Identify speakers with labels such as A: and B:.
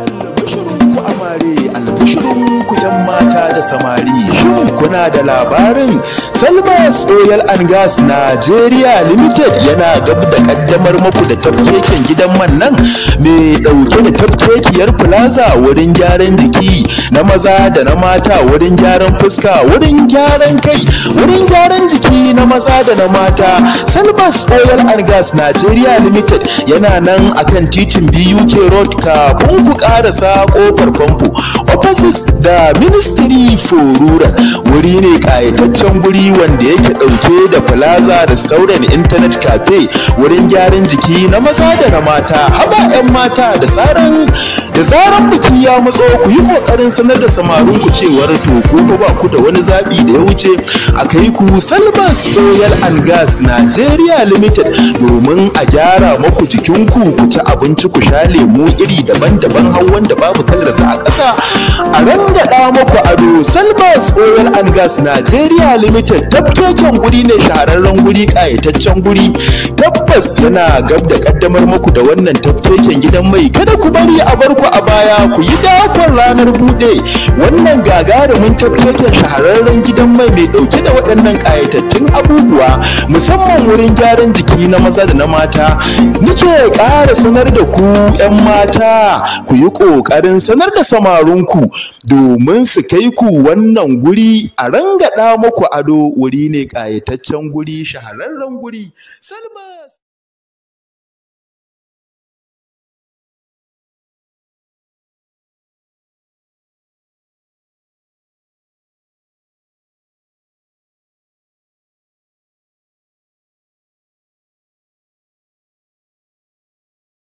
A: Albishirinku amare, albishirinku ‘yan mata da samari, shin kuna da labarin Salmas Oil and Gas Nigeria Limited yana gab da kaddamar muku da tafkeken gidan man nan mai ɗauke da tafkekiyar plaza wurin gyaran jiki na maza da na mata wurin gyaran fuska wurin gyaran kai wurin gyaran na maza da na mata salbas oil and gas nigeria limited yana nan akan titin buk road kafin ku karasa kofar famfo offices da ministry for rural wuri ne kayataccen guri wanda yake dauke da plaza da sauran internet cafe wurin gyaran jiki na maza da na mata haba 'yan mata da tsaron da zaran biki ya matso ku yi kokarin sanar da samarin ku cewar to ku ba ku da wani zabi da ya wuce a kai ku Salman Oil and Gas Nigeria Limited domin a gyara maku jikin ku ku ci abinci ku sha lemu iri daban-daban har wanda babu sa a ƙasa a rangada maku ado Salman Oil and Gas Nigeria Limited tabbaken guri ne shahararren guri kayataccen guri tabbas yana gab da kaddamar muku da wannan tafkeken gidan mai kada ku bari a bar ku a baya ku yi dakon ranar bude wannan gagarumin tafkeken shahararren gidan mai mai dauke da waɗannan ƙayatattun abubuwa musamman wurin gyaran jiki na maza da na mata nike ƙara sanar da ku 'yan mata ku yi ƙoƙarin sanar da samarinku domin su kai ku wannan guri a rangada muku ado wuri ne ƙayataccen guri shahararren guri salman earth